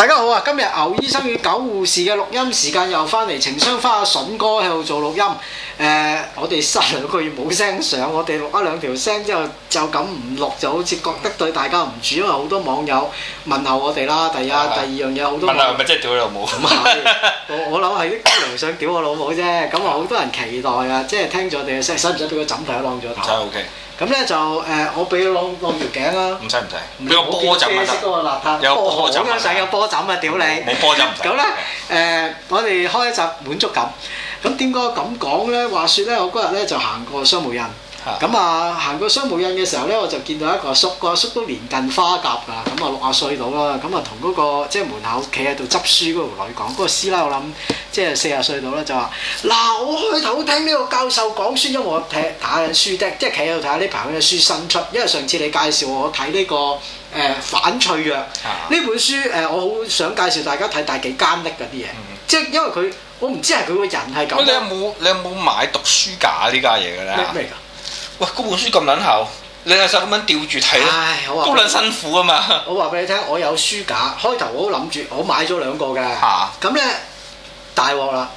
大家好啊！今日牛醫生與狗護士嘅錄音時間又翻嚟，情商花阿筍哥喺度做錄音。誒、呃，我哋三兩個月冇聲上，我哋錄一兩條聲之後就咁唔錄，就好似覺得對大家唔住，因為好多網友問候我哋啦。第啊第二樣嘢好多網友。問候咪即係對啦，冇是。 我我諗係啲姑娘想屌我老母啫，咁啊好多人期待要要、okay. 呃、啊，即係聽咗定使唔使俾個枕頭一攏咗頭？真係 OK。咁咧就誒，我俾佢攏攏條頸啦。唔使唔使，俾個波枕得。有波枕都想有波枕啊！屌你。冇波枕唔得。咁咧誒，我哋開一集滿足感。咁點解我咁講咧？話說咧，我嗰日咧就行過雙門人。咁啊，行過商務印嘅時候咧，我就見到一個阿叔，個阿叔都年近花甲㗎，咁啊六啊歲到啦，咁啊同嗰個即係、就是、門口企喺度執書嗰、那個女講，嗰個師奶我諗，即係四啊歲到啦，就話嗱，我開頭聽呢個教授講書，因為我睇睇緊書的，即係企喺度睇下呢排嘅書新出，因為上次你介紹我睇呢、這個誒、呃、反脆弱呢、啊、本書，誒、呃、我好想介紹大家睇，但係幾艱 d i 的啲嘢，即係因為佢，我唔知係佢個人係咁、啊。你有冇你有冇買讀書架呢家嘢嘅咧？咩嚟㗎？喂，嗰本書咁撚厚，你係想咁樣吊住睇？唉，好啊，咁撚辛苦啊嘛！我話俾你聽，我，你我有書架，開頭我都諗住我買咗兩個嘅，咁咧大鑊啦，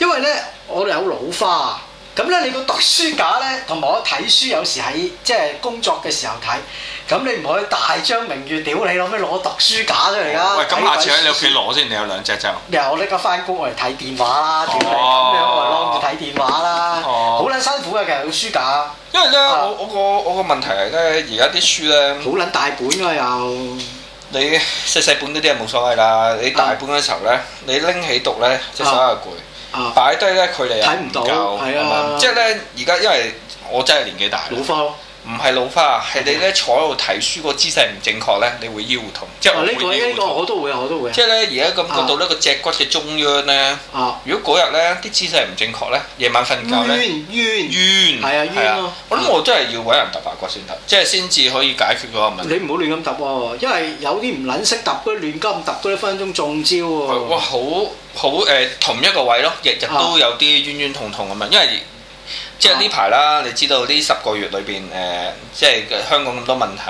因為咧我哋有老花。咁咧，你個讀書架咧，同埋我睇書有時喺即係工作嘅時候睇，咁你唔可以大張明月屌你攞咩攞讀書架出嚟㗎？喂，咁下次喺你屋企攞先，你有兩隻啫。然後我搦翻工嚟睇電話啦，屌、哦、你，咁樣我攞住睇電話啦，哦、好撚辛苦嘅，其實個書架。因為咧、啊，我我個我個問題係咧，而家啲書咧，好撚大本㗎又。你細細本嗰啲啊冇所謂啦，你大本嘅時候咧，你拎起讀咧，隻手又攰。嗯嗯。啊、擺低咧，佢哋又睇唔到，係嗎啊，即係咧，而家因為我真係年紀大。老花。唔係老花，係你咧坐喺度睇書、個姿勢唔正確咧，你會腰痛。即係呢、呢個呢、呢個我都會，我都會。即係咧，而家感覺到呢個脊骨嘅中央咧。啊、如果嗰日咧啲姿勢唔正確咧，夜晚瞓覺咧，冤冤冤，係嗚嗚啊冤咯。嗚嗚我諗我真係要揾人揼發骨先得，即係先至可以解決嗰個問題。你唔好亂咁揼喎，因為有啲唔撚識揼嗰亂咁揼嗰一分分鐘中招喎、啊。係哇、嗯，好好誒，同一個位咯，日日都有啲冤冤痛痛咁啊，因為。即係呢排啦，你知道呢十個月裏邊誒，即係香港咁多問題。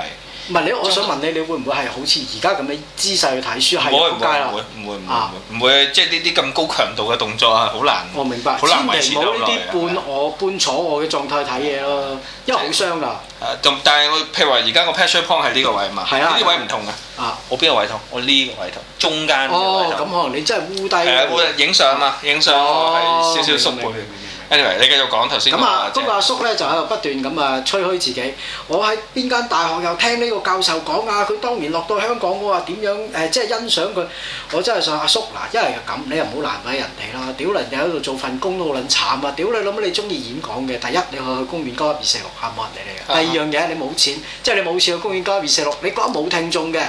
唔係你，我想問你，你會唔會係好似而家咁嘅姿勢去睇書喺度？唔會唔會唔會唔會唔會，即係呢啲咁高強度嘅動作啊，好難。我明白。好難維持到呢啲半我半坐我嘅狀態睇嘢咯，因為好傷㗎。但係譬如話而家個 pressure point 係呢個位嘛。係啊。呢位唔同㗎。啊，我邊個位痛？我呢個位痛，中間。咁可能你真係烏低。影相啊嘛，影相少少縮 Anyway，你繼續講頭先。咁、嗯、啊，咁阿姐叔咧就喺度不斷咁啊吹噓自己。我喺邊間大學又聽呢個教授講啊。佢當年落到香港我話點樣？誒、呃，即係欣賞佢。我真係想阿叔嗱，一係就咁，你又唔好難為人哋啦。屌人哋喺度做份工都好撚慘啊！屌你，諗你中意演講嘅，第一你去去公園鳩一二四六，嚇冇人理你嘅。第二樣嘢你冇錢，啊、哈 即係你冇錢去公園鳩一二四六，你覺得冇聽眾嘅。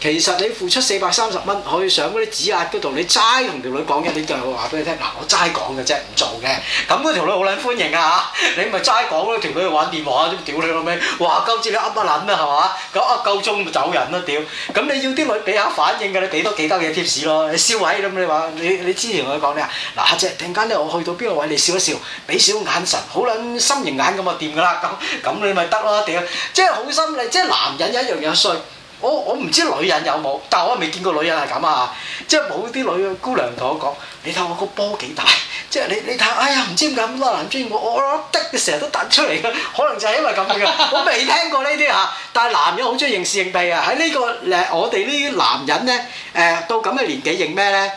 其實你付出四百三十蚊可以上嗰啲指壓嗰度，atte, 你齋同條女講嘅、啊，你就話俾佢聽，嗱、right? no、我齋講嘅啫，唔做嘅。咁嗰條女好撚歡迎噶嚇，你咪齋講咯，條女玩電話，屌你老味，話鳩住你噏乜撚啊係嘛？咁一夠鐘就走人啦屌！咁你要啲女俾下反應㗎，你俾多幾多嘢貼士你咯，笑位咁你話你你之前同佢講你啊，嗱阿姐，突然間咧我去到邊個位，你笑一笑，俾少眼神，好撚心形眼咁就掂㗎啦。咁咁你咪得咯屌！即係好心，即係男人一樣有衰，我我唔知女人有冇，但係我未見過女人係咁啊！即係冇啲女姑娘同我講，你睇我個波幾大？即係你你睇，哎呀唔知點解咁多男中意我，我我啲成日都甩出嚟嘅，可能就係因為咁嘅、 這個。我未聽過呢啲嚇，但係男人好中意認視認弊啊！喺呢個誒，我哋呢啲男人咧誒，到咁嘅年紀認咩咧？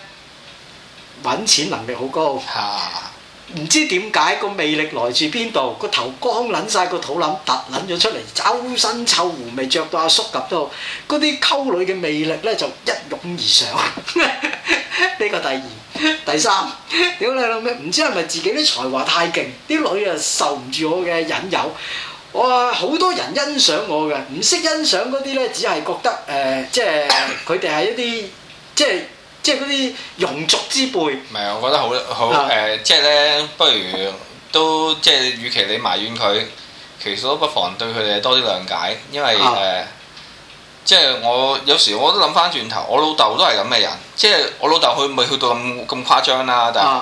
揾錢能力好高。啊唔知點解個魅力來自邊度？個頭光撚晒，個肚腩，突撚咗出嚟，周身臭狐味，着到阿叔噉都好，嗰啲溝女嘅魅力咧就一湧而上。呢 個第二、第三，屌你老咩？唔知係咪自己啲才華太勁，啲女啊受唔住我嘅引誘。我話好多人欣賞我嘅，唔識欣賞嗰啲咧，只係覺得誒、呃，即係佢哋係一啲即係。即係嗰啲庸俗之輩。唔係啊，我覺得好好誒、呃，即係咧，不如都即係，與其你埋怨佢，其實都不妨對佢哋多啲諒解，因為誒、啊呃，即係我有時我都諗返轉頭，我老豆都係咁嘅人，即係我老豆去冇去到咁咁誇張啦、啊，但係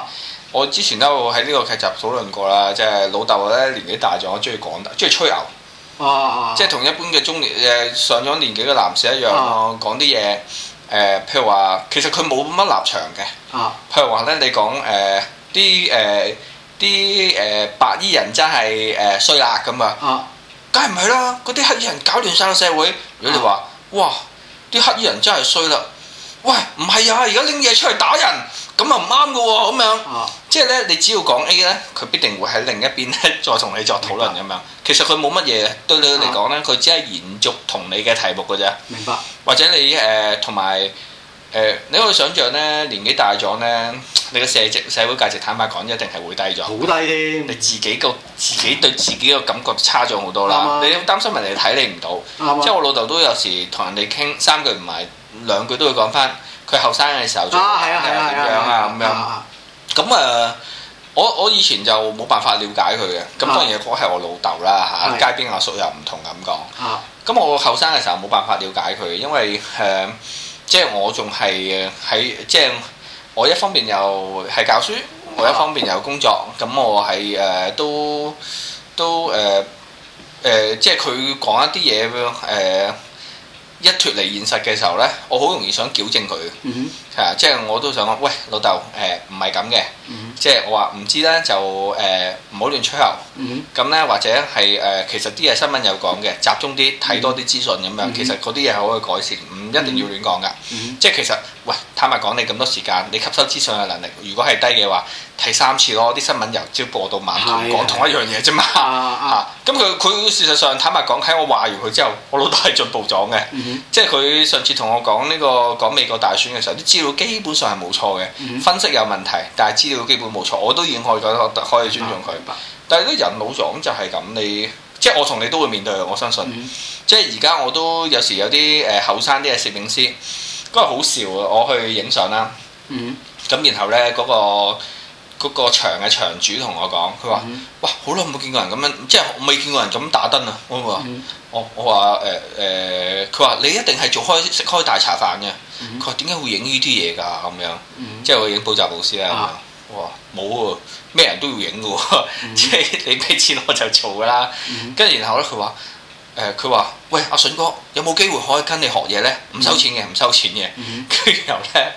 我之前都喺呢個劇集討論過啦，即係老豆咧年紀大咗，我中意講，中意吹牛，啊啊即係同一般嘅中年誒上咗年紀嘅男士一樣，講啲嘢。誒、呃，譬如話，其實佢冇乜立場嘅。啊，譬如話咧，你講誒啲誒啲誒白衣人真係誒衰啦咁啊，梗係唔係啦？嗰啲黑衣人搞亂晒個社會。如果你話，哇，啲黑衣人真係衰啦，喂，唔係啊，而家拎嘢出嚟打人。咁啊唔啱㗎喎，咁樣，即係咧，你只要講 A 咧，佢必定會喺另一邊咧，再同你作討論咁樣。其實佢冇乜嘢，對你嚟講咧，佢只係延續同你嘅題目㗎啫。明白。或者你誒同埋誒，你可以想象咧，年紀大咗咧，你嘅社值社會價值，坦白講，一定係會低咗。好低添。你自己個自己對自己嘅感覺差咗好多啦。你擔心人哋睇你唔到。即係我老豆都有時同人哋傾三句唔埋兩句都會講翻。佢後生嘅時候啊，係啊係啊點樣啊咁樣咁啊！我我以前就冇辦法了解佢嘅，咁當然講係我老豆啦嚇，街邊阿叔又唔同咁講。咁、啊、我後生嘅時候冇辦法了解佢，因為誒、uh,，即係我仲係喺即係我一方面又係教書，我一方面又工作，咁我係誒、uh, 都都誒誒、uh, 呃，即係佢講一啲嘢誒。Uh, 一脱離現實嘅時候呢，我好容易想矯正佢，嚇、嗯哼啊，即係我都想講，喂，老豆，誒、呃，唔係咁嘅。嗯即係我話唔知咧，就誒唔好亂吹牛。咁咧或者係誒，其實啲嘢新聞有講嘅，集中啲睇多啲資訊咁樣，其實嗰啲嘢係可以改善，唔一定要亂講噶。即係其實喂，坦白講，你咁多時間，你吸收資訊嘅能力，如果係低嘅話，睇三次咯，啲新聞由朝播到晚，講同一樣嘢啫嘛。咁佢佢事實上坦白講，喺我話完佢之後，我老豆係進步咗嘅。即係佢上次同我講呢個講美國大選嘅時候，啲資料基本上係冇錯嘅，分析有問題，但係資料基本。冇錯，我都已經可以，可以尊重佢。但係啲人老咗，就係、是、咁。你即係、就是、我同你都會面對嘅，我相信。即係而家我都有時有啲誒後生啲嘅攝影師，都係好笑啊！我去影相啦，咁然後咧嗰、那個嗰、那個、場嘅場主同我講，佢話：哇，好耐冇見過人咁樣，即係未見過人咁打燈啊！我話、嗯哦：我我話誒誒，佢、呃、話、呃、你一定係做開食開大茶飯嘅，佢話點解會影呢啲嘢㗎？咁樣即係、嗯、我影補習老師啦。嗯嗯冇喎，咩人都要影嘅喎，即係你俾錢我就做㗎啦。跟住然後咧佢話誒佢話喂阿筍哥有冇機會可以跟你學嘢咧？唔收錢嘅，唔收錢嘅。跟住後咧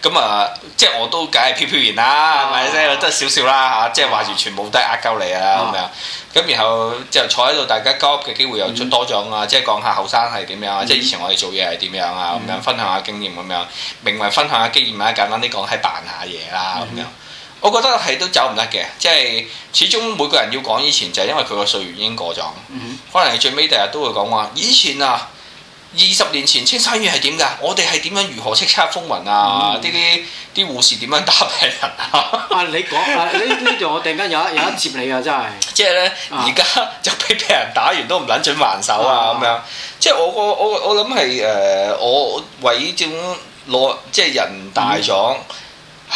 咁啊，即係我都梗係飄飄然啦，係咪先？都少少啦嚇，即係話完全冇得壓鳩你啊咁樣。咁然後之後坐喺度，大家交嘅機會又多咗啊！即係講下後生係點樣啊，即係以前我哋做嘢係點樣啊咁樣，分享下經驗咁樣，明為分享下經驗啊，簡單啲講係扮下嘢啦咁樣。我覺得係都走唔得嘅，即係始終每個人要講以前，就係、是、因為佢個歲月已經過咗。嗯、可能你最尾第日都會講話，以前啊，二十年前青山院係點㗎？我哋係點樣如何叱咤風雲啊？啲啲啲護士點樣打病人啊？你講啊，呢呢度我突然間有得有得接你啊，真係！即係咧，而家就俾別人打完都唔撚准還手啊，咁、啊啊、樣。即係我我我我諗係誒，我為咗攞即係人大咗。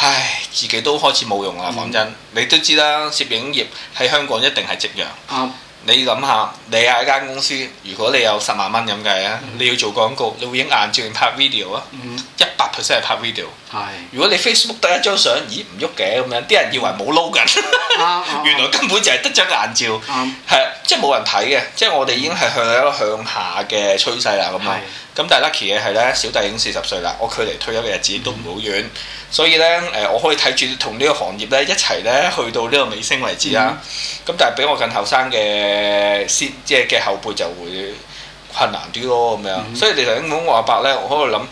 唉，自己都開始冇用啦！講真，mm. 你都知啦，攝影業喺香港一定係夕陽。你諗下，你係一間公司，如果你有十萬蚊咁計啊，你要做廣告，你會影硬照定拍 video 啊、mm.？一百 percent 係拍 video。係，mm. 如果你 Facebook 得一張相，咦唔喐嘅咁樣，啲人以為冇 load 緊，mm. 原來根本就係得張硬照，係即係冇人睇嘅，即係我哋已經係向一個向下嘅趨勢啦，咁樣。Mm. 咁但係 lucky 嘅係咧，小弟已經四十歲啦，我距離退休嘅日子都唔好遠，嗯、所以咧誒，我可以睇住同呢個行業咧一齊咧去到呢個尾聲為止啦。咁、嗯、但係比我更後生嘅先，即係嘅後輩就會困難啲咯咁樣。嗯、所以其實根本我阿伯咧，我喺度諗，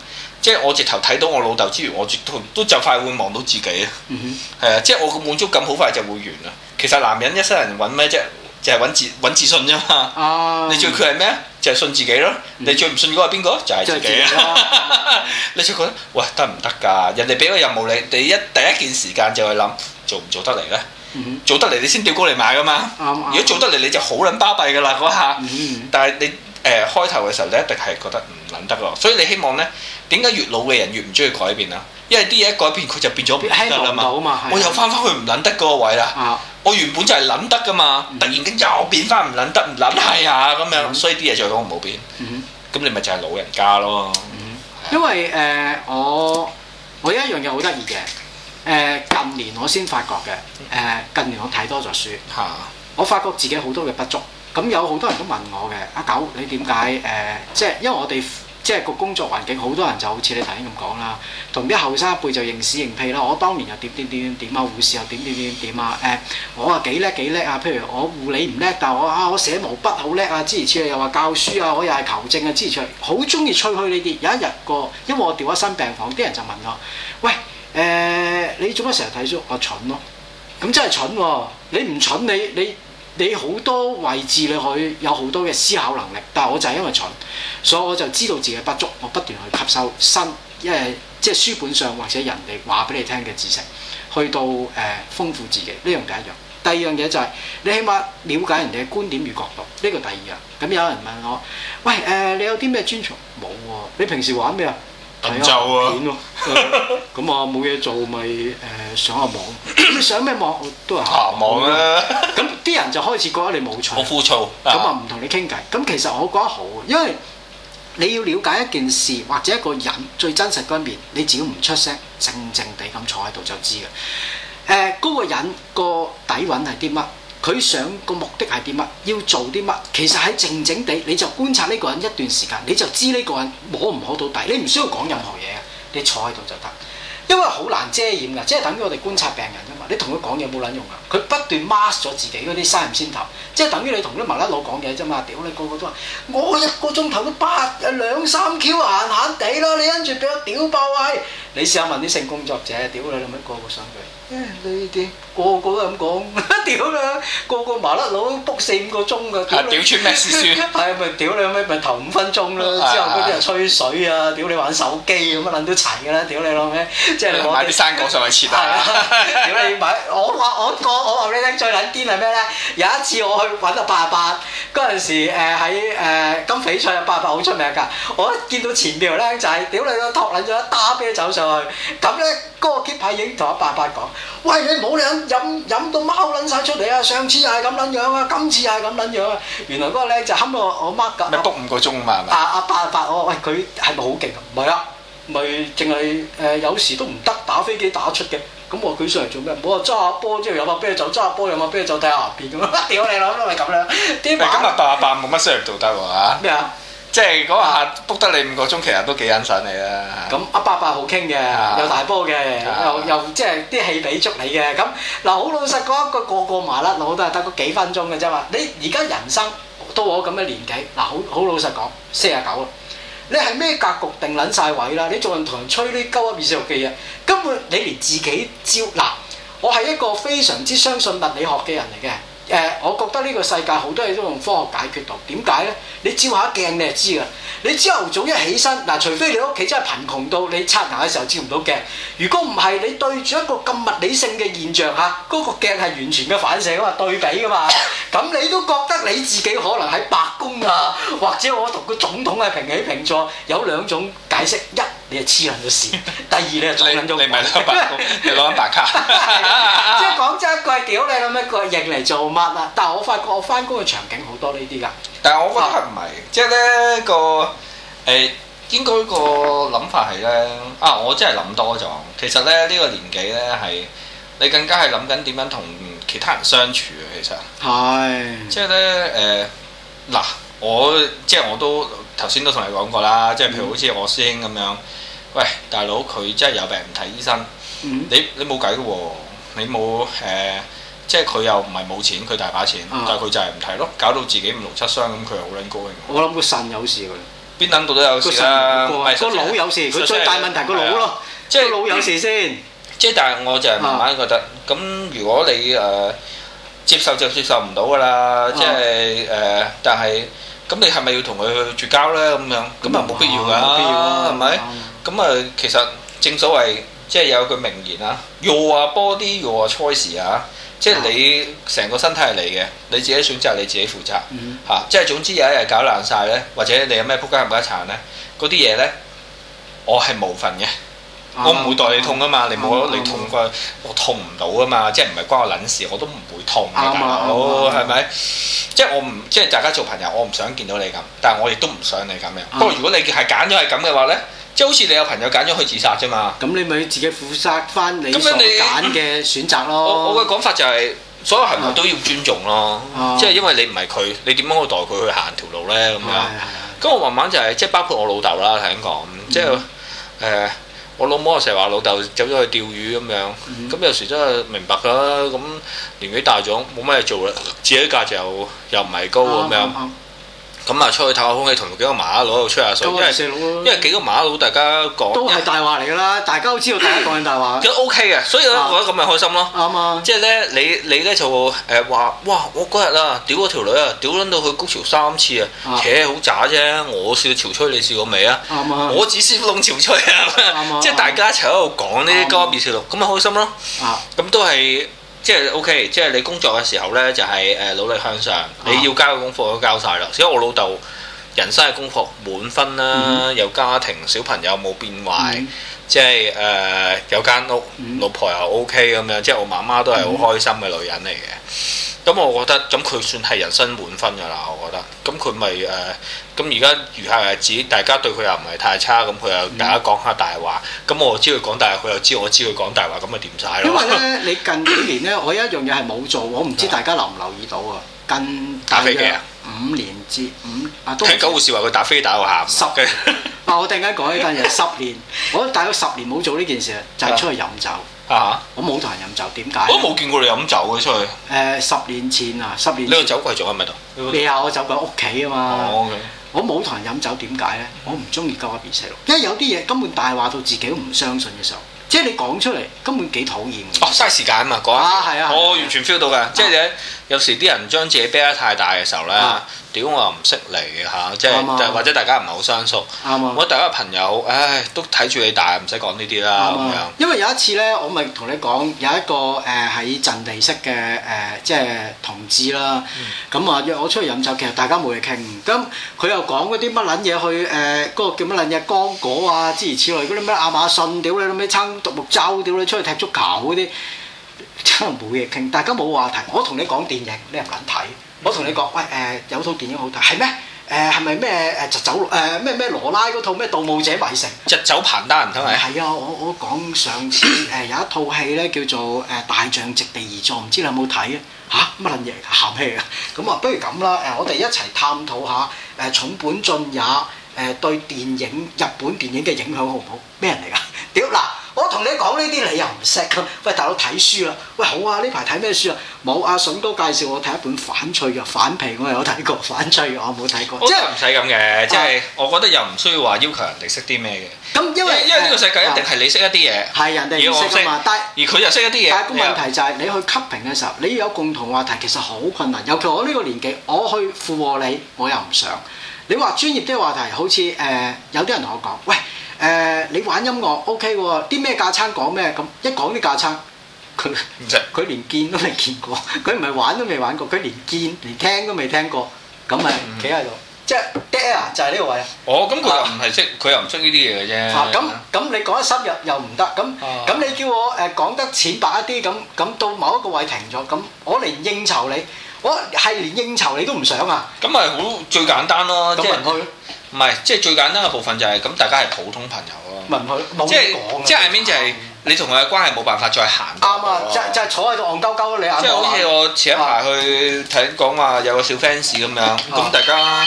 即係我直頭睇到我老豆之餘，我直頭都就快會望到自己啊。係啊、嗯， 即係我嘅滿足感好快就會完啦。其實男人一生人揾咩啫？就係揾自揾自信啫嘛，你最缺係咩？就係信自己咯。你最唔信嗰個係邊個？就係自己。你最覺得喂得唔得㗎？人哋俾個任務你，你一第一件時間就去諗做唔做得嚟咧？做得嚟你先調高嚟買㗎嘛。如果做得嚟你就好撚巴閉㗎啦嗰下。但係你誒開頭嘅時候，你一定係覺得唔撚得咯。所以你希望咧，點解越老嘅人越唔中意改變啊？因為啲嘢改變佢就變咗唔得啦嘛。我又翻返去唔撚得嗰個位啦。我原本就係諗得噶嘛，突然間又變翻唔諗得唔諗係啊咁樣，所以啲嘢最好唔好變。咁、嗯、哼你咪就係老人家咯。嗯、因為誒、呃、我我有一樣嘢好得意嘅，誒、呃、近年我先發覺嘅，誒、呃、近年我睇多咗書，啊、我發覺自己好多嘅不足。咁有好多人都問我嘅，阿、啊、狗，你點解誒？即、呃、係因為我哋。即係個工作環境，好多人就好似你頭先咁講啦，同啲後生一輩就認屎認屁啦。我當年又點點點點啊，護士又點點點點啊。誒、呃，我話幾叻幾叻啊！譬如我護理唔叻，但係我啊，我寫毛筆好叻啊。諸如此類又話教書啊，我又係求證啊。諸如此類好中意吹噓你啲。有一日過，因為我調咗新病房，啲人就問我，喂，誒、呃，你做乜成日睇書？我蠢咯、啊，咁真係蠢喎、啊！你唔蠢、啊、你蠢你。你你你你好多位置你可以有好多嘅思考能力，但係我就係因為蠢，所以我就知道自己嘅不足，我不斷去吸收新，因為即係書本上或者人哋話俾你聽嘅知識，去到誒、呃、豐富自己呢樣，第一樣。第二樣嘢就係、是、你起碼了解人哋嘅觀點與角度，呢個第二樣。咁有人問我，喂誒、呃，你有啲咩專長冇、啊、你平時玩咩啊？等就、嗯嗯、啊，咁我冇嘢做，咪誒上下網。上咩網都係下網啊。咁啲人就開始覺得你冇趣，好枯燥。咁啊唔同你傾偈。咁其實我覺得好，因為你要了解一件事或者一個人最真實嗰一面，你只要唔出聲，靜靜地咁坐喺度就知嘅。誒、嗯，嗰、那個人個底蘊係啲乜？佢想個目的係啲乜？要做啲乜？其實係靜靜地，你就觀察呢個人一段時間，你就知呢個人摸唔摸到底。你唔需要講任何嘢嘅，你坐喺度就得，因為好難遮掩嘅，即係等於我哋觀察病人。你同佢講嘢冇卵用啊！佢不斷 mask 咗自己嗰啲三唔先頭，即係等於你同啲麻甩佬講嘢啫嘛！屌你個個都話我一個鐘頭都八兩三 Q，閒閒地咯，你跟住俾我屌爆係！你試下問啲性工作者，屌你老味個個上佢，誒呢啲個個都咁講屌啦，個個麻甩佬 book 四五個鐘㗎，屌穿咩師兄？係咪屌你老味咪頭五分鐘啦？之後嗰啲又吹水啊！屌你玩手機咁乜撚都齊㗎啦！屌你老味，即係買啲生果上去黐啊！我話我我我話你聽，最撚堅係咩咧？有一次我去揾阿八八嗰陣時，喺、呃、誒、呃、金翡翠啊，八八好出名噶。我一見到前邊個靚仔，屌、就是、你都托撚咗一打啤酒上去。咁咧，嗰、那個 keep 牌已經同阿八八講：喂，你唔好你飲飲飲到貓撚晒出嚟啊！上次又係咁撚樣啊，今次又係咁撚樣啊！原來嗰個靚仔冚到我，我 mark 㗎。你篤五個鐘嘛？係咪？啊啊！八八，我喂佢係咪好勁？唔係啊，咪淨係誒有時都唔得打飛機打出嘅。咁我佢上嚟 做咩？唔好 麼啊！揸下波之後有冇俾你走？揸下波有冇俾你走？睇下下邊咁啊！屌你老都咪咁樣。今日八百冇乜嘢做得喎嚇。咩啊？即係嗰下 book 得你五個鐘，其實都幾欣賞你啦、啊。咁阿八百好傾嘅，啊、又大波嘅、啊，又又即係啲氣畀足你嘅。咁嗱，好老實講一句，個個麻甩佬都係得嗰幾分鐘嘅啫嘛。你而家人生到我咁嘅年紀，嗱，好好老實講，四十九你係咩格局定撚晒位啦？你仲同人吹呢啲鳩噏一滅四嘅嘢，根本你連自己招嗱，我係一個非常之相信物理學嘅人嚟嘅。誒、呃，我覺得呢個世界好多嘢都用科學解決到。點解呢？你照下鏡你就知㗎。你朝頭早一起身，嗱、啊，除非你屋企真係貧窮到你刷牙嘅時候照唔到鏡。如果唔係，你對住一個咁物理性嘅現象嚇，嗰、啊那個鏡係完全嘅反射啊嘛，對比㗎嘛。咁你都覺得你自己可能喺白宮啊，或者我同個總統係平起平坐，有兩種解釋一。你係黐撚個線，第二你係攞緊碌，你唔咪攞白 你攞緊白卡。 即係講真一句，屌你諗一個認嚟做乜啊？但係我發覺我翻工嘅場景好多呢啲㗎。但係我覺得係唔係？即係咧、那個誒、呃，應該個諗法係咧。啊，我真係諗多咗。其實咧呢、這個年紀咧係你更加係諗緊點樣同其他人相處啊。其實係是、呃。即係咧誒嗱，我即係我都頭先都同你講過啦。即係譬如好似我師兄咁樣。喂，大佬，佢真係有病唔睇醫生，你你冇計嘅喎，你冇誒，即係佢又唔係冇錢，佢大把錢，但係佢就係唔睇咯，搞到自己五六七傷，咁佢又好撚高興。我諗佢腎有事㗎，邊撚度都有事啊？個腦有事，佢最大問題個腦咯，即係個腦有事先。即係但係我就係慢慢覺得，咁如果你誒接受就接受唔到㗎啦，即係誒，但係咁你係咪要同佢去絕交咧？咁樣咁又冇必要㗎，冇必要囉，係咪？咁啊，其實正所謂即係有句名言啊 your body your choice 啊，即係你成個身體係你嘅，你自己選擇你自己負責嚇。即係總之有一日搞爛晒咧，或者你有咩仆街冚家鏟咧，嗰啲嘢咧，我係無份嘅，我唔會代你痛啊嘛。你冇你痛過，我痛唔到啊嘛。即係唔係關我撚事，我都唔會痛嘅大佬，係咪？即係我唔即係大家做朋友，我唔想見到你咁，但係我亦都唔想你咁樣。不過如果你係揀咗係咁嘅話咧。即係好似你有朋友揀咗去自殺啫嘛，咁你咪自己負責翻你所揀嘅選擇咯。我嘅講法就係所有行為都要尊重咯，啊、即係因為你唔係佢，你點樣可以代佢去行條路咧咁樣？咁、啊啊、我慢慢就係、是、即係包括我老豆啦，係咁講，即係誒、嗯呃、我老母成日話老豆走咗去釣魚咁樣，咁有時真係明白噶啦，咁年紀大咗冇乜嘢做啦，自己價值又又唔係高咁樣。咁啊，出去透下空氣，同幾個麻甩佬吹下水，因為四佬咯，因為幾個麻甩佬大家講都係大話嚟㗎啦，大家都知道大家講緊大話。咁 OK 嘅，所以我覺得咁咪開心咯，啱啊！即係咧，你你咧就誒話，哇！我嗰日啊，屌我條女啊，屌撚到佢高潮三次啊，車好渣啫！我試過潮吹，你試過未啊？啱啊！我只識弄潮吹啊，即係大家一齊喺度講呢啲交 B 四六，咁咪開心咯！咁都係。即係 OK，即係你工作嘅時候呢，就係、是、誒、呃、努力向上。你要交嘅功課都交晒啦。所以我老豆人生嘅功課滿分啦，嗯、有家庭小朋友冇變壞，嗯、即係誒、呃、有間屋，嗯、老婆又 OK 咁樣，即係我媽媽都係好開心嘅女人嚟嘅。嗯咁我覺得咁佢算係人生滿分㗎啦，我覺得。咁佢咪誒咁而家餘下日子，大家對佢又唔係太差，咁佢又大家講下大話。咁、嗯、我知佢講大話，佢又知我知佢講大話，咁咪掂晒咯？因為咧，你近幾年咧， 我一有一樣嘢係冇做，我唔知大家留唔留意到啊。近大約 5, 啊，五年至五啊，都聽九護士話佢打飛打到喊。十 10, 年啊！ 我突然間講呢單嘢，十年我大概十年冇做呢件事，就係、是、出去飲酒。啊！我冇同人飲酒，點解？我都冇見過你飲酒嘅出去。誒，十年前啊，十年。你個酒櫃仲喺咪度？你啊，我酒櫃屋企啊嘛。我冇同人飲酒，點解咧？我唔中意交一邊細路。因為有啲嘢根本大話到自己都唔相信嘅時候，即係你講出嚟根本幾討厭。哦，嘥時間啊嘛，講。啊，係啊。我完全 feel 到㗎，即係有時啲人將自己啤得太大嘅時候咧。如果我唔識嚟嚇，即係或者大家唔係好相熟，我吧大家朋友，唉，都睇住你大，唔使講呢啲啦咁樣。因為有一次咧，我咪同你講，有一個誒喺陣地式嘅誒、呃、即係同志啦，咁啊約我出去飲酒，其實大家冇嘢傾。咁佢又講嗰啲乜撚嘢去誒嗰、呃嗰個叫乜撚嘢，乾果啊諸如此類嗰啲乜亞馬遜，屌你老尾撐獨木舟，屌你出去踢足球嗰啲。真係冇嘢傾，大家冇話題。我同你講電影，你又唔敢睇。我同你講，喂誒、呃，有套電影好睇，係咩？誒係咪咩誒？疾走誒咩咩羅拉嗰套咩《盜墓者迷城》？疾走彭丹唔通係？係啊，我我講上次誒、呃、有一套戲咧叫做誒、呃《大象席地而坐》，唔知你有冇睇啊？嚇乜撚嘢？鹹戲啊？咁啊，不如咁啦誒，我哋一齊探討下誒、呃、重本進也誒對電影日本電影嘅影響好唔好？咩人嚟㗎？屌嗱！我同你講呢啲，你又唔識。喂，大佬睇書啦。喂，好啊，呢排睇咩書啊？冇，阿筍哥介紹我睇一本反脆嘅反皮，我有睇過，反脆我冇睇過。即係唔使咁嘅，即係、啊、我覺得又唔需要話要求人哋識啲咩嘅。咁、嗯、因為因為呢個世界、呃、一定係你識一啲嘢，係人哋要識嘛。而但而佢又識一啲嘢。但係個問題就係你去吸引嘅時候，你要有共同話題，其實好困難。尤其我呢個年紀，我去附和你，我又唔想。你話專業啲話題，好似誒、呃、有啲人同我講，喂。誒、呃，你玩音樂 OK 喎？啲咩架撐講咩咁？一講啲架撐，佢唔識，佢連見都未見過，佢唔係玩都未玩過，佢連見、連聽都未聽過，咁咪企喺度，嗯、即係 dead、哦、啊！就係呢個位啊！哦，咁佢又唔係識，佢又唔識呢啲嘢嘅啫。嚇！咁咁你講得深入又唔得，咁咁、啊、你叫我誒講得淺白一啲咁，咁到某一個位停咗，咁我嚟應酬你，我係連應酬你都唔想啊！咁咪好最簡單咯，即係去。唔係，即係最簡單嘅部分就係咁，大家係普通朋友咯。唔係唔去冇得講。即係即係，I mean 就係你同佢嘅關係冇辦法再行。啱啊，即係坐喺度戇鳩鳩你眼即係好似我前一排去睇講話有個小 fans 咁樣，咁大家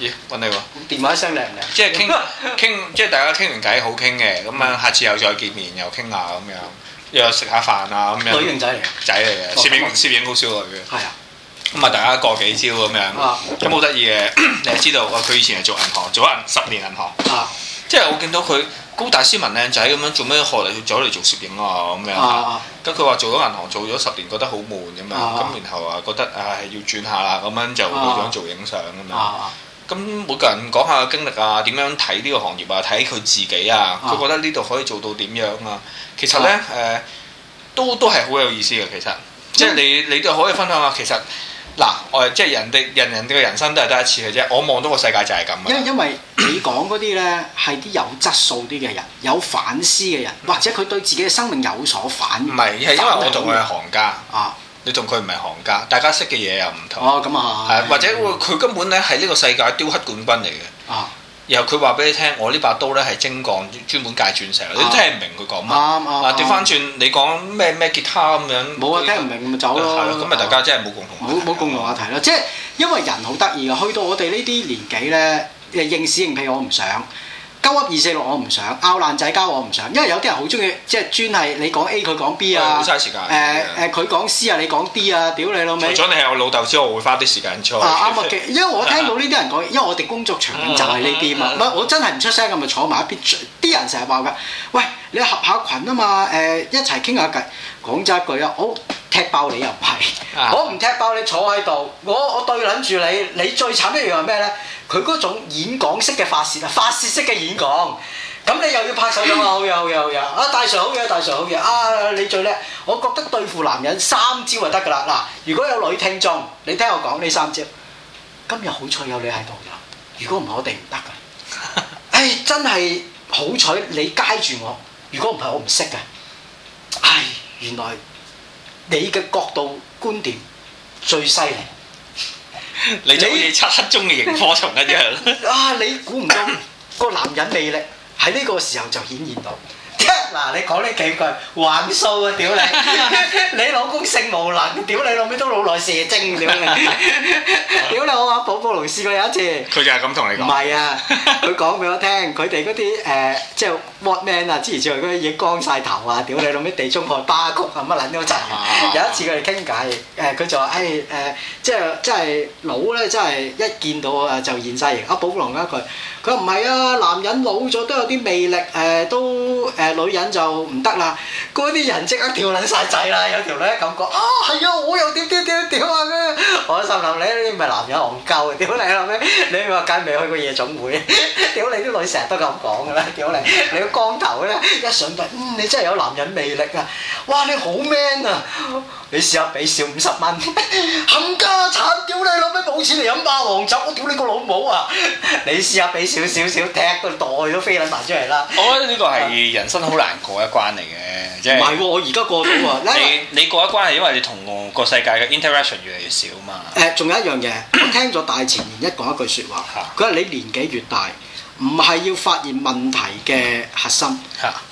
咦揾你喎？電話聲靚唔靚？即係傾傾，即係大家傾完偈好傾嘅，咁啊下次又再見面又傾下咁樣，又食下飯啊咁樣。女型仔嚟啊？仔嚟嘅，攝影攝影公司來嘅。係啊。咁啊！大家過幾招咁樣，咁好得意嘅。誒， 你知道佢、啊、以前係做銀行，做銀十年銀行、啊、即係我見到佢高大斯文咧，靚仔咁樣做咩學嚟？走嚟做攝影啊咁樣。咁佢話做咗銀行，做咗十年覺得好悶咁樣。咁然後啊，覺得啊係、哎、要轉下啦，咁樣就好想、啊、做影相咁樣。咁、啊啊、每個人講下個經歷啊，點樣睇呢個行業啊？睇佢自己啊，佢、啊、覺得呢度可以做到點樣啊？其實呢，誒、啊呃，都都係好有意思嘅。其實，即係、嗯嗯、你你都可以分享下。其實。嗱，我即係人哋人人嘅人生都係得一次嘅啫，我望到個世界就係咁。因因為你講嗰啲咧係啲有質素啲嘅人，有反思嘅人，或者佢對自己嘅生命有所反思。唔係，係因為我同佢係行家啊，你同佢唔係行家，大家識嘅嘢又唔同。哦，咁啊，係，或者佢根本咧係呢個世界雕刻冠軍嚟嘅啊。嗯然後佢話俾你聽，我呢把刀咧係精鋼，專門戒鑽石。啊、你都聽唔明佢講乜？啱啱啱。調翻轉，正啊、你講咩咩吉他咁樣？冇、嗯、啊，聽唔明咪走咯。係咯，咁咪大家真係冇共同冇冇、啊、共同話題咯。啊、即係因為人好得意㗎，去到我哋呢啲年紀咧，認屎認屁，我唔想。鳩噏二四六我唔想，拗爛仔交我唔想，因為有啲人好中意即係專係你講 A 佢講 B 啊，好嘥時間，誒誒佢講 C 啊，你講 D 啊，屌你老味！除咗你係我老豆之外，我會花啲時間出去、啊。啊啱啊， 因為我聽到呢啲人講，因為我哋工作場景就係呢啲嘛，我真係唔出聲噉咪坐埋一邊，啲人成日爆㗎，喂。你合下群啊嘛，誒、呃、一齊傾下偈，講真一句啊，我、哦、踢爆你又唔係，啊、我唔踢爆你坐喺度，我我對撚住你，你最慘一樣係咩呢？佢嗰種演講式嘅發泄啊，發泄式嘅演講。咁你又要拍手掌又又又又，阿大 Sir 好嘢，大 Sir 好嘢。啊，你最叻，我覺得對付男人三招就得㗎啦。嗱，如果有女聽眾，你聽我講呢三招。今日好彩有你喺度啊！如果唔係我哋唔得㗎。誒、哎，真係好彩你街住我。如果唔係我唔識㗎，唉！原來你嘅角度觀點最犀利， 你就好似漆黑中嘅螢火蟲一樣。 啊！你估唔到 個男人魅力喺呢個時候就顯現到。嗱，你講呢幾句，還數啊！屌你，你老公性無能，屌你老尾都老內射精，屌你！屌你，我話寶寶龍試過有一次，佢就係咁同你講，唔係啊，佢講俾我聽，佢哋嗰啲誒即係 what man 啊，之前做嗰啲嘢光曬頭啊，屌你老尾地中海巴曲啊乜撚都齊，有一次佢哋傾偈，誒佢就話誒誒，即係即係老咧，即係一見到啊就現曬形，阿寶寶龍一句。唔係啊！男人老咗都有啲魅力，誒、呃、都誒、呃、女人就唔得啦。嗰啲人即刻跳撚晒仔啦！有條女感覺啊，係啊，我又點點點點啊！我心諗你呢啲唔係男人戇鳩，屌你老味！你話近未去過夜總會？屌你啲女成日都咁講㗎啦！屌你！你個光頭咧一上到，嗯，你真係有男人魅力啊！哇，你好 man 啊！你試下俾少五十蚊？冚家鏟！屌你老味冇錢嚟飲霸王酒，我屌你個老母啊！你試下俾少。少少少踢個袋都，都飛撚埋出嚟啦！我覺得呢個係人生好難過一關嚟嘅，即係唔係喎？我而家過到啊！ 你你過一關係因為你同個世界嘅 interaction 越嚟越少啊嘛。誒，仲有一樣嘢，聽咗大前年一講一句説話，佢話 你年紀越大，唔係要發現問題嘅核心，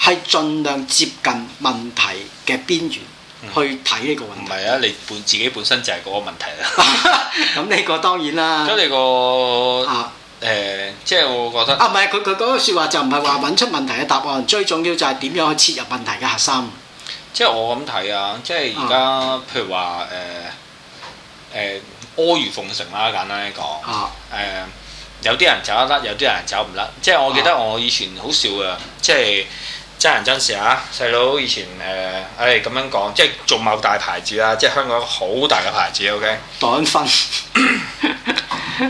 係 盡量接近問題嘅邊緣去睇呢個問題。唔係 啊，你本自己本身就係嗰個問題啦。咁 呢 個當然啦。即你個誒、呃，即係我覺得啊，唔係佢佢嗰個説話就唔係話揾出問題嘅答案，最重要就係點樣去切入問題嘅核心。即係我咁睇啊，即係而家譬如話誒誒阿諛奉承啦，簡單啲講，誒、嗯呃、有啲人走得甩，有啲人走唔甩。即係我記得我以前好少啊，嗯、即係。真人真事啊，細佬以前誒，誒咁樣講，即係做某大牌子啦，即係香港好大嘅牌子，OK？黨粉，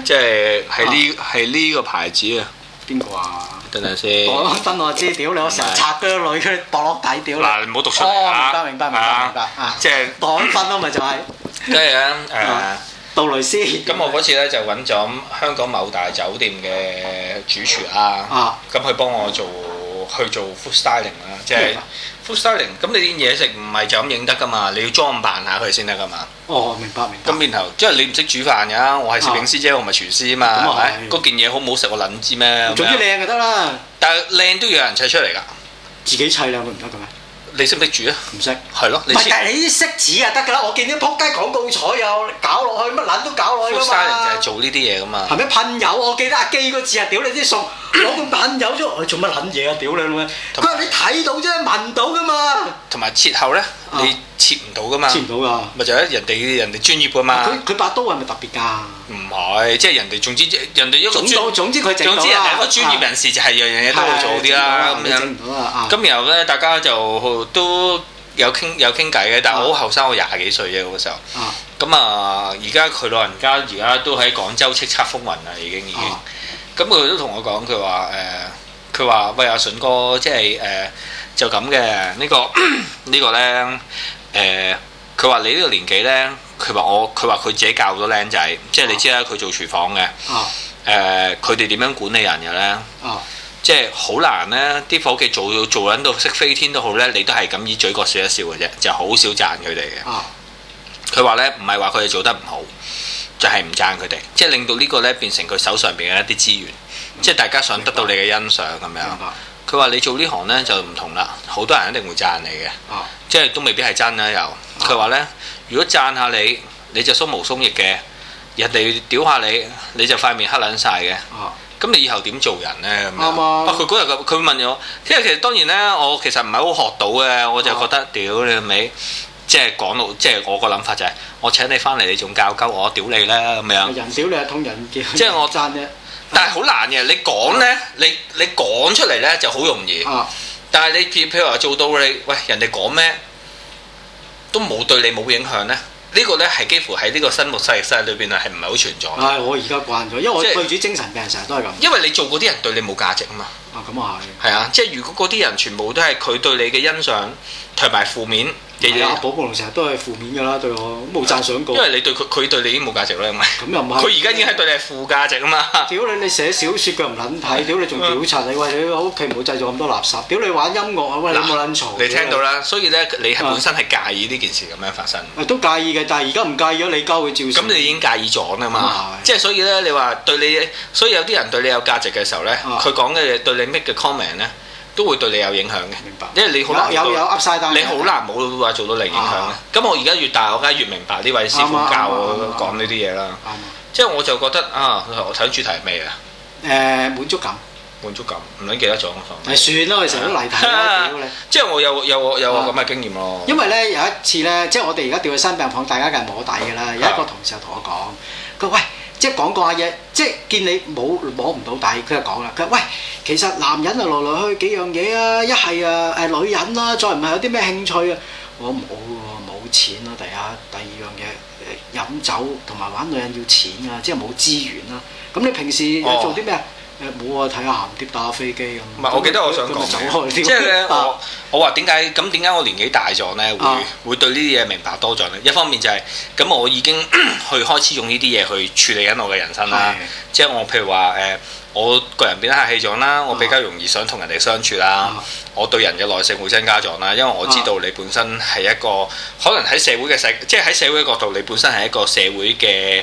即係喺呢喺呢個牌子啊？邊個啊？等陣先，黨粉我知，屌你個成日拆嗰個女佢嚟搏落底屌嗱，你唔好讀出嚟啊！明白，明白。即係黨粉咯，咪就係。都係啊，誒。杜蕾斯。咁我嗰次咧就揾咗香港某大酒店嘅主廚啊，咁佢幫我做。去做 food styling 啦，即係 food styling。咁你啲嘢食唔係就咁影得噶嘛，你要裝扮下佢先得噶嘛。哦，明白明白。咁然後即係、就是、你唔識煮飯㗎，我係攝影師啫、哦，我唔係廚師啊嘛。咁啊，嗰件嘢好唔好食，我諗知咩？總之靚就得啦。但係靚都要有人砌出嚟㗎，自己砌靚佢唔得㗎。你識唔識煮啊？唔識用，係咯，唔你啲識煮啊得㗎啦。我見啲撲街廣告彩又搞落去，乜撚都搞落去㗎嘛。人就係做呢啲嘢㗎嘛。係咪？噴油，我記得阿基個字啊，屌你啲熟攞個噴油咗，做乜撚嘢啊？屌你咁樣。佢話你睇到啫，聞到㗎嘛。同埋切後咧，你。切唔到噶嘛？切唔到㗎，咪就係人哋人哋專業㗎嘛。佢佢把刀係咪特別㗎？唔係，即係人哋總之人哋喐手，總之佢整之。啊啊！專業人士就係樣樣嘢都會做啲啦咁樣。咁然後咧，大家就都有傾有傾偈嘅。但係我好後生，我廿幾歲啫嗰時候。咁啊，而家佢老人家而家都喺廣州叱咤風雲啦，已經已經。咁佢都同我講，佢話誒，佢話喂阿順哥，即係誒就咁嘅呢個呢個咧。誒，佢話、呃、你呢個年紀呢，佢話我，佢話佢自己教咗僆仔，即係你知啦，佢做廚房嘅。誒、呃，佢哋點樣管理人嘅呢？啊、即係好難呢，啲伙計做做緊到識飛天都好呢，你都係咁以嘴角笑一笑嘅啫，就好少讚佢哋嘅。佢話、啊、呢，唔係話佢哋做得唔好，就係唔讚佢哋，即係令到呢個呢變成佢手上邊嘅一啲資源，嗯、即係大家想得到你嘅欣賞咁樣。嗯嗯佢話你做呢行呢就唔同啦，好多人一定會讚你嘅，即係都未必係真啦又。佢話呢，如果讚下你，你就鬆毛鬆翼嘅；人哋屌下你，你就塊面黑撚晒嘅。咁你以後點做人呢？啱啊！佢嗰日佢問我，即係其實當然呢，我其實唔係好學到嘅，我就覺得屌你咪，即係講到即係我個諗法就係，我請你翻嚟，你仲教鳩我屌你啦，係咪人屌你係痛人，即係我讚你。但係好難嘅，你講呢，你你講出嚟呢就好容易。但係你譬如話做到你喂人哋講咩，都冇對你冇影響呢。呢個呢，係幾乎喺呢個生活世界裏邊啊，係唔係好存在？我而家慣咗，因為我對住精神病人成日都係咁。因為你做嗰啲人對你冇價值啊嘛。啊咁啊係。係啊，即係如果嗰啲人全部都係佢對你嘅欣賞，同埋負面。係啊，寶寶龍成日都係負面噶啦，對我冇讚賞過。因為你對佢，佢對你已經冇價值啦，唔係佢而家已經係對你係負價值啊嘛！屌你！你寫小說佢唔撚睇，屌你仲屌柒你喂！你屋企唔好製造咁多垃圾，屌你玩音樂喂你冇撚嘈！你聽到啦，所以咧你係本身係介意呢件事咁樣發生。都介意嘅，但係而家唔介意咗，你交佢照。咁你已經介意咗啊嘛！即係所以咧，你話對你，所以有啲人對你有價值嘅時候咧，佢講嘅嘢對你 make 嘅 comment 咧？都會對你有影響嘅，因為你好難有有噏，你好難冇話做到零影響嘅。咁我而家越大，我梗係越明白呢位師傅教我講呢啲嘢啦。即係我就覺得啊，我睇主題係咩啊？誒，滿足感。滿足感，唔撚記得咗。咯。誒，算啦，佢成咗泥潭，幾即係我有有有咁嘅經驗咯。因為咧有一次咧，即係我哋而家掉去新病房，大家梗係摸底嘅啦。有一個同事就同我講：佢喂。即係講過下嘢，即係見你冇摸唔到底，佢就講啦。佢話：喂，其實男人啊來來去幾樣嘢啊，一係啊誒女人啦、啊，再唔係有啲咩興趣啊。我冇冇錢咯、啊，第二第二樣嘢飲酒同埋玩女人要錢啊，即係冇資源啦、啊。咁你平時、oh. 做啲咩啊？冇啊，睇下鹹碟打下飛機咁。唔係， 我記得我想講嘅，即係咧我我話點解咁點解我年紀大咗咧會、啊、會對呢啲嘢明白多咗咧？一方面就係、是、咁，我已經 去開始用呢啲嘢去處理緊我嘅人生啦。的即係我譬如話誒、呃，我個人變得客氣咗啦，我比較容易想同人哋相處啦。啊、我對人嘅耐性會增加咗啦，因為我知道你本身係一個、啊、可能喺社會嘅世，即係喺社會嘅角度，你本身係一個社會嘅。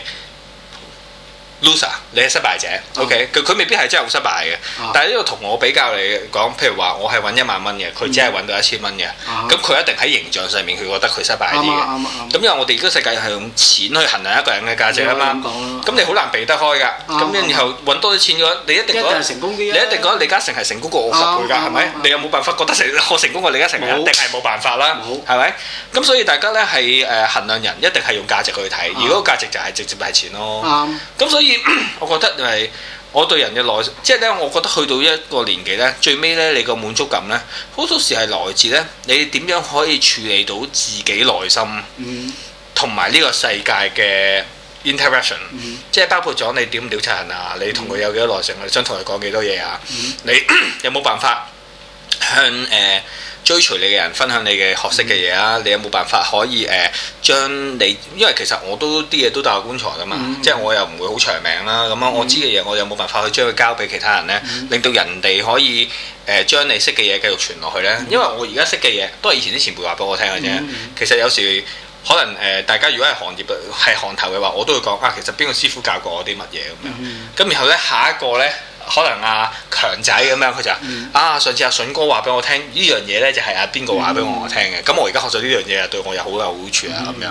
loser，你係失敗者，OK？佢佢未必係真係好失敗嘅，但係呢度同我比較嚟講，譬如話我係揾一萬蚊嘅，佢只係揾到一千蚊嘅，咁佢一定喺形象上面佢覺得佢失敗啲嘅。啱啱咁因為我哋而家世界係用錢去衡量一個人嘅價值啊嘛。咁你好難避得開㗎。咁然後揾多啲錢嘅話，你一定一定成功啲。你一定覺得李嘉誠係成功過我十倍㗎，係咪？你又冇辦法覺得成我成功過李嘉誠？一定係冇辦法啦。冇，係咪？咁所以大家呢係誒衡量人一定係用價值去睇，如果價值就係直接係錢咯。咁所以。 我覺得係，我對人嘅耐性，即係咧，我覺得去到一個年紀咧，最尾咧，你個滿足感咧，好多時係來自咧，你點樣可以處理到自己內心，同埋呢個世界嘅 interaction，嗯、即係包括咗你點調查人啊，你同佢有幾多耐性，你想同佢講幾多嘢啊，嗯、你有冇辦法？向誒、呃、追隨你嘅人分享你嘅學識嘅嘢啊！嗯、你有冇辦法可以誒、呃、將你因為其實我都啲嘢都帶有棺材㗎嘛，嗯、即係我又唔會好長命啦。咁樣我知嘅嘢我有冇辦法去將佢交俾其他人咧，令到人哋可以誒將、呃、你識嘅嘢繼續傳落去咧。嗯、因為我而家識嘅嘢都係以前啲前輩話俾我聽嘅啫。嗯嗯、其實有時可能誒大家如果係行業係行頭嘅話，我都會講啊，其實邊個師傅教過我啲乜嘢咁樣。咁然後咧下一個咧。可能阿、啊、強仔咁樣，佢就、嗯、啊上次阿、啊、筍哥話俾我聽呢樣嘢咧，就係阿邊個話俾我聽嘅。咁、嗯呃、我而家學咗呢樣嘢，對我有好大好處啊咁、嗯、樣。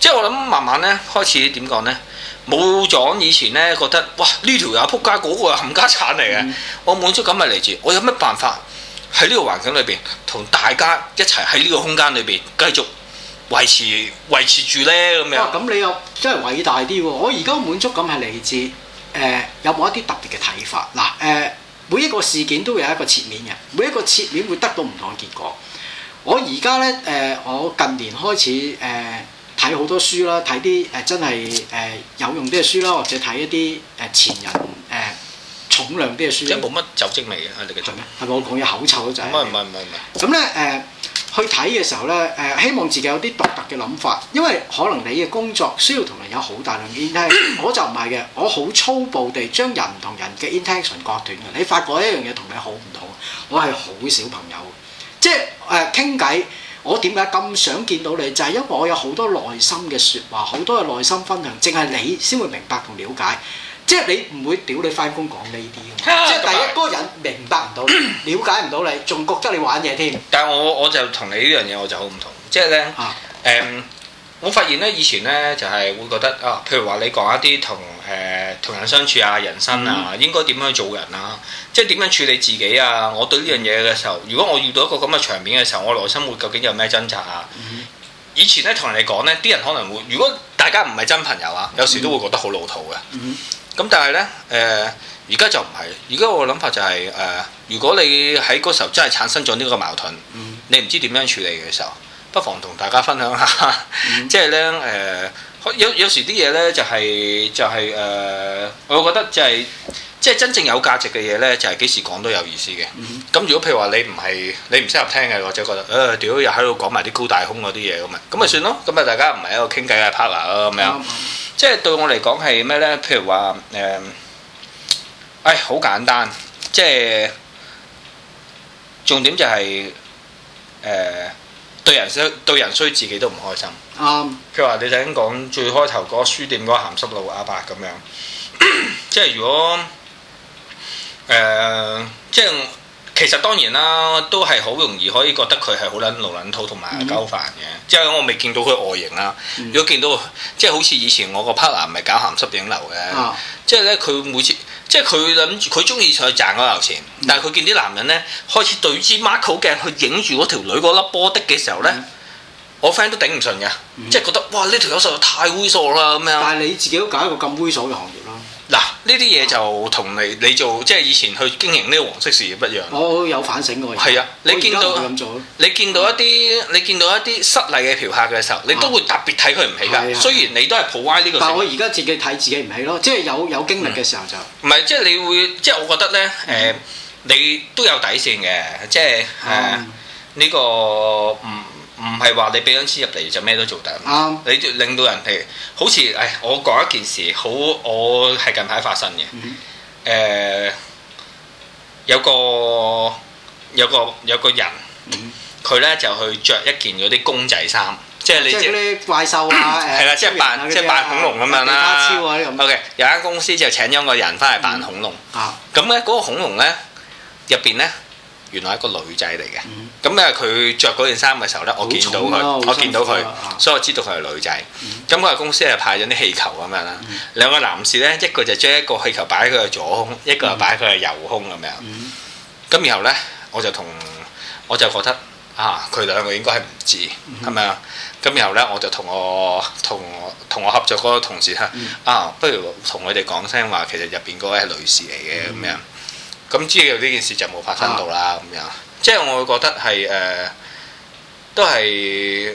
即係我諗慢慢咧，開始點講咧，冇咗以前咧覺得哇呢條又撲街，嗰、那個又冚家產嚟嘅。嗯、我滿足感係嚟自我有乜辦法喺呢個環境裏邊同大家一齊喺呢個空間裏邊繼續維持維持住咧咁樣、啊。哇！咁你又真係偉大啲喎、啊！我而家滿足感係嚟自。誒、呃、有冇一啲特別嘅睇法？嗱、呃、誒，每一個事件都會有一個切面嘅，每一個切面會得到唔同嘅結果。我而家咧誒，我近年開始誒睇好多書啦，睇啲誒真係誒有用啲嘅書啦，或者睇一啲誒前人誒、呃、重量啲嘅書。有冇乜酒精味嘅，啊你嘅係咩？係咪我講嘢口臭嗰陣，唔係唔係唔係咁咧誒？去睇嘅時候咧，誒希望自己有啲獨特嘅諗法，因為可能你嘅工作需要同人有好大量嘅 intention，而係我就唔係嘅，我好粗暴地將人同人嘅 intention 割斷嘅。你發覺一樣嘢同你好唔同，我係好少朋友，即係誒傾偈。我點解咁想見到你，就係、是、因為我有好多內心嘅説話，好多嘅內心分享，淨係你先會明白同了解。即係你唔會屌你翻工講呢啲，即係第一嗰個人明白唔到， 了解唔到你，仲覺得你玩嘢添。但係我我就同你呢樣嘢我就好唔同，即係咧誒，我發現咧以前咧就係、是、會覺得啊，譬如話你講一啲同誒、呃、同人相處啊、人生啊、應該點樣做人啊，即係點樣處理自己啊。我對呢樣嘢嘅時候，如果我遇到一個咁嘅場面嘅時候，我內心會究竟有咩掙扎啊？嗯、以前咧同人哋講咧，啲人可能會如果大家唔係真朋友啊，有時都會覺得好老土嘅。嗯咁但係呢，誒、呃，而家就唔係。而家我諗法就係、是，誒、呃，如果你喺嗰時候真係產生咗呢個矛盾，嗯、你唔知點樣處理嘅時候，不妨同大家分享下，即係、嗯、呢。誒、呃。有有時啲嘢咧就係、是、就係、是、誒、呃，我覺得就係、是、即係真正有價值嘅嘢咧，就係、是、幾時講都有意思嘅。咁、嗯、哼如果譬如話你唔係你唔適合聽嘅，或者覺得誒、呃、屌又喺度講埋啲高大空嗰啲嘢咁咪，咁咪算咯。咁啊、嗯、大家唔係喺度傾偈嘅 partner 咯，咁樣、嗯、即係對我嚟講係咩咧？譬如話誒、呃，哎好簡單，即係重點就係、是、誒。呃對人衰對人衰，自己都唔開心。啱、um，佢話你頭先講最開頭嗰書店嗰鹹濕佬阿伯咁樣，即係如果誒，即係其實當然啦，都係好容易可以覺得佢係好撚老撚土同埋鳩飯嘅。嗯、即係我未見到佢外形啦。如果見到，嗯、即係好似以前我個 partner 唔係搞鹹濕影樓嘅，嗯、即係咧佢每次。即係佢諗住佢中意上去賺嗰嚿錢，嗯、但係佢見啲男人咧，開始對支 Marco 鏡，去影住條女粒波的嘅時候咧，嗯、我 friend 都頂唔順嘅，嗯、即係覺得哇呢條友實在太猥瑣啦咁樣，但係你自己都搞一個咁猥瑣嘅行業。嗱，呢啲嘢就同你你做即係以前去經營呢個黃色事業不一樣。我有反省過、啊。係啊，你見到做你見到一啲、嗯、你見到一啲失禮嘅嫖客嘅時候，你都會特別睇佢唔起㗎。啊、雖然你都係抱歪呢個。但係我而家自己睇自己唔起咯，即、就、係、是、有有經歷嘅時候就。唔係、嗯，即係你會，即係我覺得咧，誒、呃，你都有底線嘅，即係誒呢個唔。嗯唔係話你俾咗錢入嚟就咩都做得，你令到人哋好似誒，我講一件事好，我係近排發生嘅，誒有個有個有個人，佢咧就去着一件嗰啲公仔衫，即係你即係啲怪獸啊，係啦，即係扮即係扮恐龍咁樣啦。O K，有間公司就請咗個人翻嚟扮恐龍，咁咧嗰個恐龍咧入邊咧。原來係一個女仔嚟嘅，咁咧佢着嗰件衫嘅時候咧，我見到佢，我見到佢，所以我知道佢係女仔。咁佢公司係派咗啲氣球咁樣啦，兩個男士咧，一個就將一個氣球擺喺佢嘅左胸，一個就擺喺佢嘅右胸咁樣。咁然後咧，我就同我就覺得啊，佢兩個應該係唔知，係咪啊？咁然後咧，我就同我同我同我合作嗰個同事嚇，啊，不如同佢哋講聲話，其實入邊嗰位係女士嚟嘅咁樣。咁知道呢件事就冇發生到啦，咁、啊、樣即係我會覺得係誒、呃，都係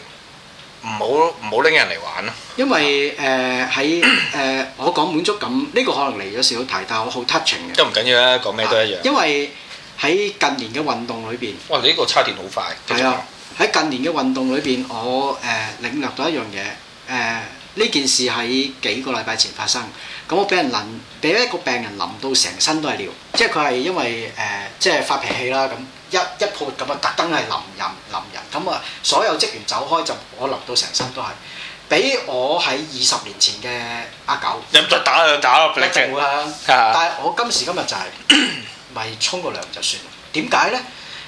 唔好唔好拎人嚟玩咯。因為誒喺誒我講滿足感呢 個可能嚟咗少少題，但我好 touching 嘅。都唔緊要啦，講咩都一樣。因為喺近年嘅運動裏邊，哇！你呢個差電好快。係啊、哦，喺近年嘅運動裏邊，我、呃、誒領略到一樣嘢誒。呃呢件事喺幾個禮拜前發生，咁我俾人淋，俾一個病人淋到成身都係尿，呃，即係佢係因為誒即係發脾氣啦，咁一一潑咁啊，特登係淋人淋人，咁啊所有職員走開就我淋到成身都係，俾我喺二十年前嘅阿狗，一打兩打一定會啦，但係我今時今日就係咪沖個涼就算？點解呢？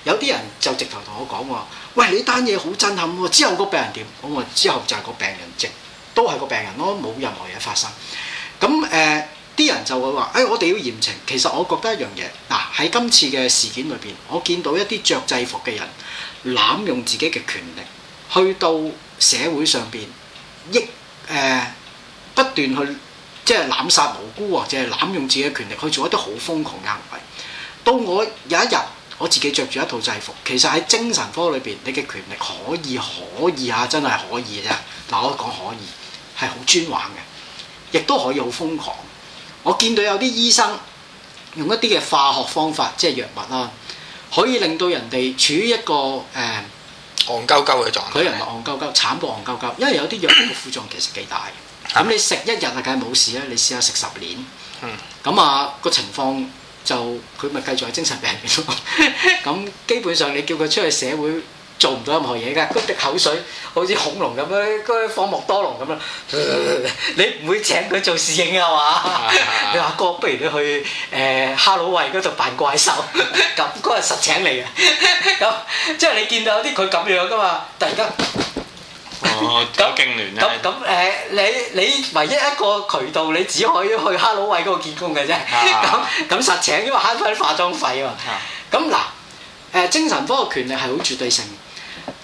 有啲人就直頭同我講話，喂你單嘢好震撼喎，之後個病人點？咁啊之後就係個病人直。都係個病人咯，冇任何嘢發生。咁誒，啲、呃、人就會話，誒、哎，我哋要嚴懲。其實我覺得一樣嘢，嗱喺今次嘅事件裏邊，我見到一啲着制服嘅人濫用自己嘅權力，去到社會上邊，亦誒、呃、不斷去即係濫殺無辜，或者係濫用自己嘅權力去做一啲好瘋狂嘅行為。到我有一日我自己着住一套制服，其實喺精神科裏邊，你嘅權力可以可以啊，真係可以啫。嗱，我講可以。可以係好專橫嘅，亦都可以好瘋狂。我見到有啲醫生用一啲嘅化學方法，即係藥物啦，可以令到人哋處於一個誒戇鳩鳩嘅狀態。佢、呃、人係戇鳩鳩，慘到戇鳩鳩，因為有啲藥物嘅副作用其實幾大。咁 你食一日梗係冇事啦，你試下食十年，咁、嗯、啊個情況就佢咪繼續係精神病咯？咁 基本上你叫佢出去社會。做唔到任何嘢㗎，佢滴口水好似恐龍咁樣，佢放莫多龍咁啦。你唔會請佢做侍應㗎嘛？阿、 啊、哥，不如你去誒、呃、哈魯偉嗰度扮怪獸，咁嗰日實請你啊。咁 即係你見到啲佢咁樣㗎嘛？突然間，哦，咁咁誒，你你唯一一個渠道，你只可以去哈魯偉嗰度見工嘅啫。咁咁實請，因為慳翻啲化妝費啊嘛。咁嗱， 誒精神科嘅權力係好絕對性。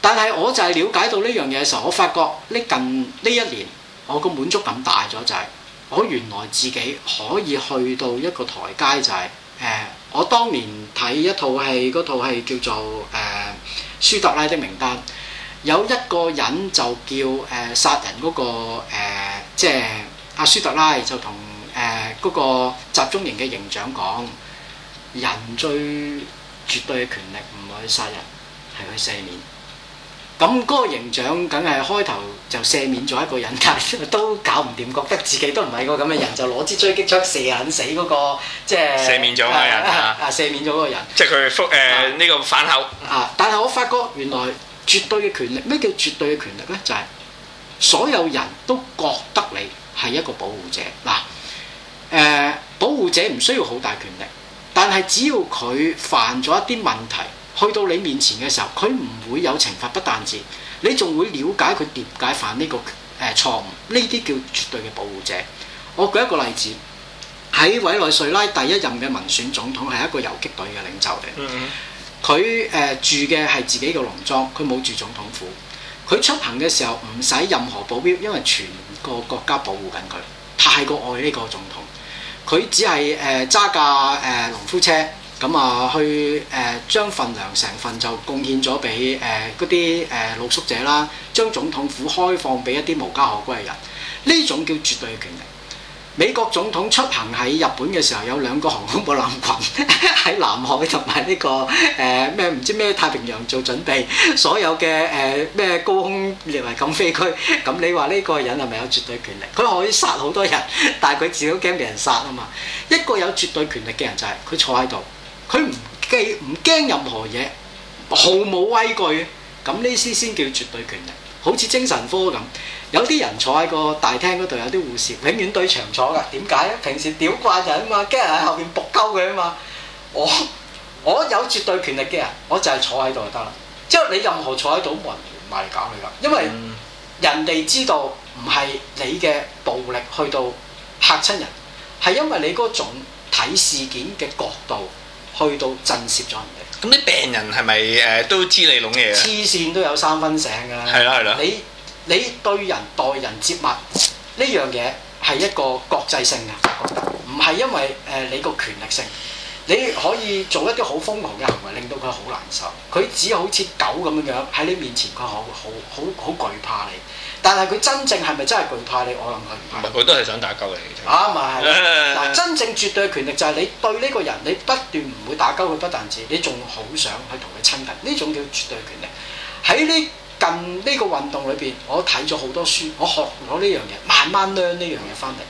但係，我就係了解到呢樣嘢嘅時候，我發覺呢近呢一年，我個滿足感大咗，就係、是、我原來自己可以去到一個台階，就係、是、誒、呃。我當年睇一套戲，嗰套戲叫做《誒、呃、舒特拉的名單》，有一個人就叫誒殺、呃、人嗰、那個即係阿舒特拉就同誒嗰個集中營嘅營長講，人最絕對嘅權力唔係去殺人，係去赦免。咁嗰個營長梗係開頭就赦免咗一個人，但係都搞唔掂，覺得自己都唔係個咁嘅人，就攞支狙擊槍射人死嗰、那個，即係赦免咗嗰個人啊！赦免咗嗰個人，即係佢覆誒呢個反口啊！但係我發覺原來絕對嘅權力咩叫絕對嘅權力呢？就係、是、所有人都覺得你係一個保護者嗱，誒、啊呃、保護者唔需要好大權力，但係只要佢犯咗一啲問題，去到你面前嘅時候，佢唔會有懲罰不但止，你仲會了解佢點解犯呢個誒錯誤，呢啲叫絕對嘅保護者。我舉一個例子，喺委內瑞拉第一任嘅民選總統係一個遊擊隊嘅領袖嚟，佢誒、mm hmm。呃、住嘅係自己個農莊，佢冇住總統府，佢出行嘅時候唔使任何保鏢，因為全個國家保護緊佢，太過愛呢個總統，佢只係誒揸架誒農夫車。咁啊，去誒、呃、將份糧成份就貢獻咗俾誒嗰啲誒露宿者啦，將總統府開放俾一啲無家可歸嘅人，呢種叫絕對嘅權力。美國總統出行喺日本嘅時候，有兩個航空母艦群喺 南海同埋呢個誒咩唔知咩太平洋做準備，所有嘅誒咩高空列為禁飛區。咁你話呢個人係咪有絕對權力？佢可以殺好多人，但係佢自己驚俾人殺啊嘛。一個有絕對權力嘅人就係佢坐喺度。佢唔忌唔驚任何嘢，毫無畏懼嘅，咁呢啲先叫絕對權力。好似精神科咁，有啲人坐喺個大廳嗰度，有啲護士永遠對牆坐嘅。點解咧？平時屌慣人啊嘛，驚人喺後邊搏鳩佢啊嘛。我我有絕對權力嘅人，我就係坐喺度就得啦。即係你任何坐喺度，冇人嚟搞你噶。因為人哋知道唔係你嘅暴力去到嚇親人，係因為你嗰種睇事件嘅角度。去到震懾咗人哋，咁啲病人係咪誒，都知你籠嘢？黐線都有三分醒㗎，係啦係啦，你你對人待人接物呢樣嘢係一個國際性嘅，唔係因為誒、呃、你個權力性。你可以做一啲好瘋狂嘅行為，令到佢好難受。佢只好似狗咁樣樣喺你面前，佢好好好好懼怕你。但係佢真正係咪真係懼怕你？我諗佢唔係。佢都係想打鳩你。啊，咪係！嗱， 真正絕對嘅權力就係你對呢個人，你不斷唔會打鳩佢，不但止，你仲好想去同佢親近。呢種叫絕對權力。喺呢近呢個運動裏邊，我睇咗好多書，我學咗呢樣嘢，慢慢孭呢樣嘢翻嚟。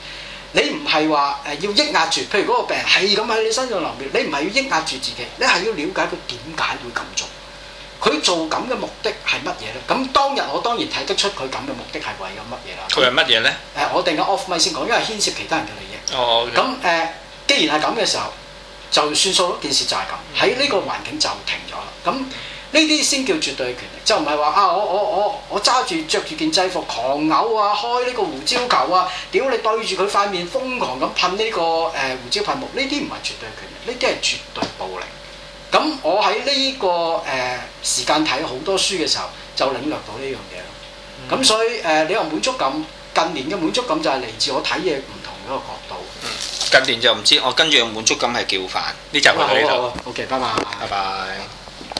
你唔係話誒要抑壓住，譬如嗰個病係咁喺你身上流，你唔係要抑壓住自己，你係要了解佢點解會咁做。佢做咁嘅目的係乜嘢咧？咁當日我當然睇得出佢咁嘅目的係為咗乜嘢啦。佢係乜嘢咧？誒、嗯，我定嘅 off mic 先講，因為牽涉其他人嘅利益。哦、oh, okay。咁、呃、誒，既然係咁嘅時候，就算數咯。件事就係咁，喺呢個環境就停咗啦。咁。呢啲先叫絕對權力，就唔係話啊！我我我我揸住着住件制服狂嘔啊，開呢個胡椒球啊，屌你對住佢塊面瘋狂咁噴呢個誒、呃、胡椒噴霧，呢啲唔係絕對權力，呢啲係絕對暴力。咁我喺呢、這個誒、呃、時間睇好多書嘅時候，就領略到呢樣嘢。咁、嗯、所以誒、呃，你話滿足感，近年嘅滿足感就係嚟自我睇嘢唔同嗰個角度。近年就唔知，我跟住嘅滿足感係叫飯。呢集就呢度。好，OK 拜拜。拜拜。